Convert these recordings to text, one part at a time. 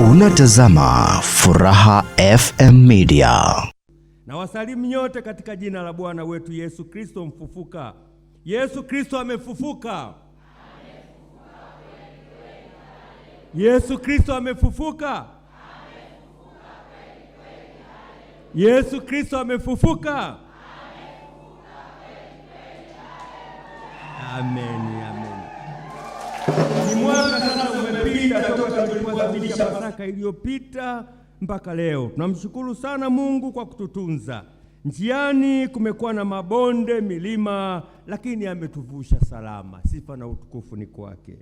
Unatazama Furaha FM Media. Na wasalimu nyote katika jina la Bwana wetu Yesu Kristo mfufuka. Yesu Kristo amefufuka. Yesu Kristo amefufuka. Yesu Kristo amefufuka. Amen, amen iliyopita toka iliyopita mpaka leo. Tunamshukuru sana Mungu kwa kututunza. Njiani kumekuwa na mabonde, milima, lakini ametuvusha salama. Sifa na utukufu ni kwake.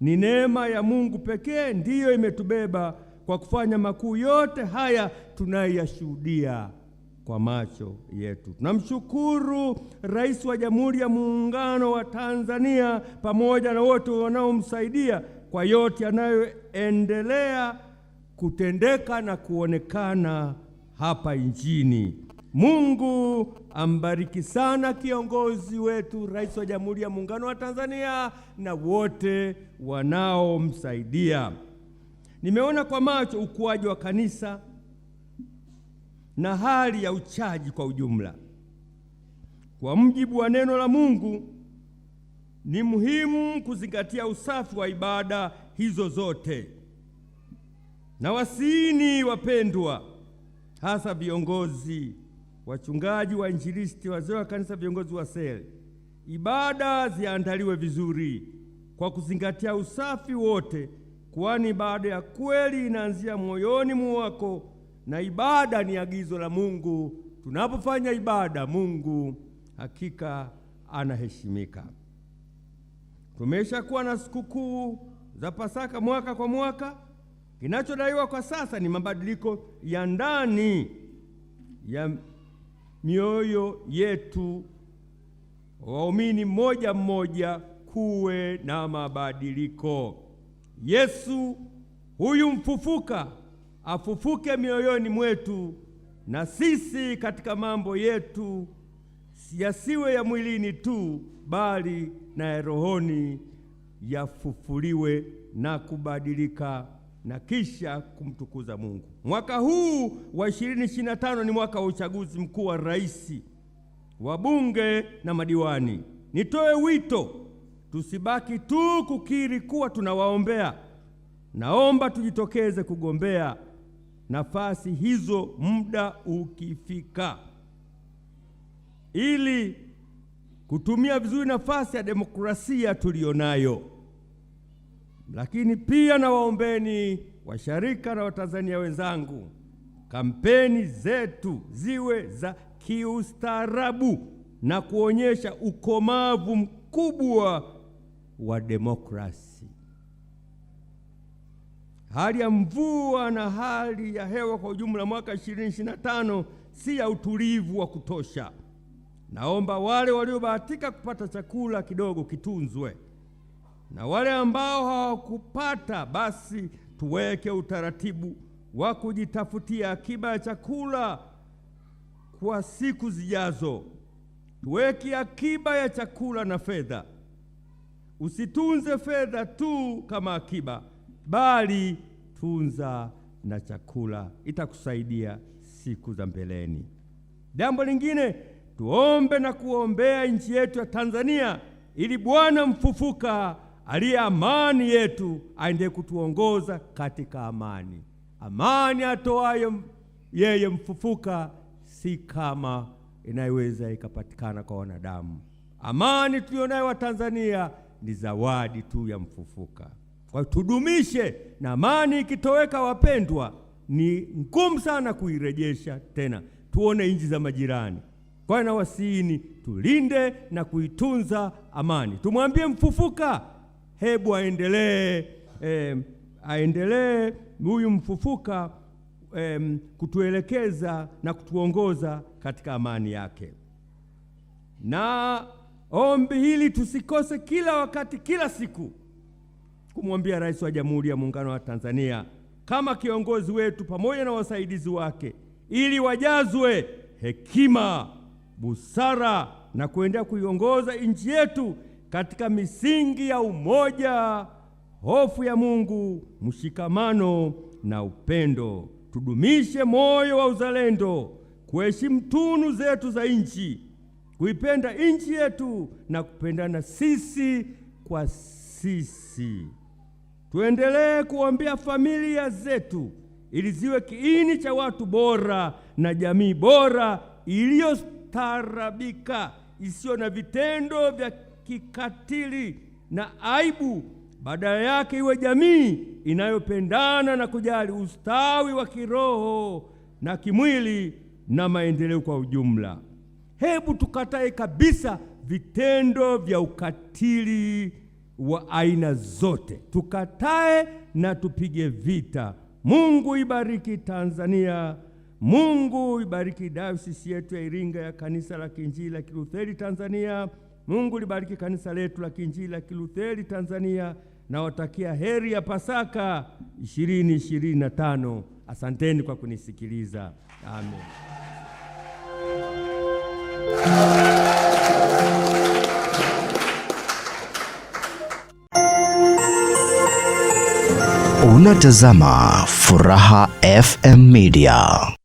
Ni neema ya Mungu pekee ndiyo imetubeba kwa kufanya makuu yote haya tunayashuhudia kwa macho yetu. Tunamshukuru Rais wa Jamhuri ya Muungano wa Tanzania pamoja na wote wanaomsaidia kwa yote yanayoendelea kutendeka na kuonekana hapa nchini. Mungu ambariki sana kiongozi wetu Rais wa Jamhuri ya Muungano wa Tanzania na wote wanaomsaidia. Nimeona kwa macho ukuaji wa kanisa na hali ya uchaji kwa ujumla. Kwa mujibu wa neno la Mungu ni muhimu kuzingatia usafi wa ibada hizo zote. Na wasiini, wapendwa, hasa viongozi, wachungaji, wainjilisti, wazee wa kanisa, viongozi wa seli, ibada ziandaliwe vizuri kwa kuzingatia usafi wote, kwani ibada ya kweli inaanzia moyoni mwako, na ibada ni agizo la Mungu. Tunapofanya ibada, Mungu hakika anaheshimika. Tumeshakuwa na sikukuu za Pasaka mwaka kwa mwaka. Kinachodaiwa kwa sasa ni mabadiliko ya ndani ya mioyo yetu. Waumini mmoja mmoja, kuwe na mabadiliko. Yesu huyu mfufuka afufuke mioyoni mwetu na sisi katika mambo yetu yasiwe ya mwilini tu, bali na ya rohoni, yafufuliwe na kubadilika na kisha kumtukuza Mungu. Mwaka huu wa 2025 ni mwaka wa uchaguzi mkuu wa rais, wabunge na madiwani. Nitoe wito, tusibaki tu kukiri kuwa tunawaombea. Naomba tujitokeze kugombea nafasi hizo muda ukifika ili kutumia vizuri nafasi ya demokrasia tuliyonayo. Lakini pia na waombeni washarika na Watanzania wenzangu, kampeni zetu ziwe za kiustaarabu na kuonyesha ukomavu mkubwa wa demokrasi. Hali ya mvua na hali ya hewa kwa ujumla mwaka 2025 si ya utulivu wa kutosha. Naomba wale waliobahatika kupata chakula kidogo kitunzwe, na wale ambao hawakupata basi tuweke utaratibu wa kujitafutia akiba ya chakula kwa siku zijazo. Tuweke akiba ya chakula na fedha. Usitunze fedha tu kama akiba, bali tunza na chakula, itakusaidia siku za mbeleni. Jambo lingine tuombe na kuombea nchi yetu ya Tanzania ili Bwana mfufuka aliye amani yetu aende kutuongoza katika amani. Amani atoayo yeye mfufuka si kama inayoweza ikapatikana kwa wanadamu. Amani tuliyonayo wa Tanzania ni zawadi tu ya mfufuka. Kwa tudumishe, na amani ikitoweka, wapendwa, ni ngumu sana kuirejesha tena. Tuone nchi za majirani Bwana wasiini, tulinde na kuitunza amani. Tumwambie mfufuka, hebu aendelee eh, aendelee huyu mfufuka eh, kutuelekeza na kutuongoza katika amani yake. Na ombi hili tusikose kila wakati, kila siku kumwambia Rais wa Jamhuri ya Muungano wa Tanzania kama kiongozi wetu pamoja na wasaidizi wake, ili wajazwe hekima busara na kuendelea kuiongoza nchi yetu katika misingi ya umoja, hofu ya Mungu, mshikamano na upendo. Tudumishe moyo wa uzalendo, kuheshimu tunu zetu za nchi, kuipenda nchi yetu na kupendana sisi kwa sisi. Tuendelee kuombea familia zetu ili ziwe kiini cha watu bora na jamii bora iliyo kustaarabika, isiyo na vitendo vya kikatili na aibu. Badala yake iwe jamii inayopendana na kujali ustawi wa kiroho na kimwili na maendeleo kwa ujumla. Hebu tukatae kabisa vitendo vya ukatili wa aina zote, tukatae na tupige vita. Mungu ibariki Tanzania. Mungu ibariki dayosisi yetu ya Iringa ya Kanisa la Kiinjili la Kilutheri Tanzania. Mungu libariki kanisa letu la Kiinjili la Kilutheri Tanzania. Nawatakia heri ya Pasaka 2025. Asanteni kwa kunisikiliza. Amen. Unatazama Furaha FM Media.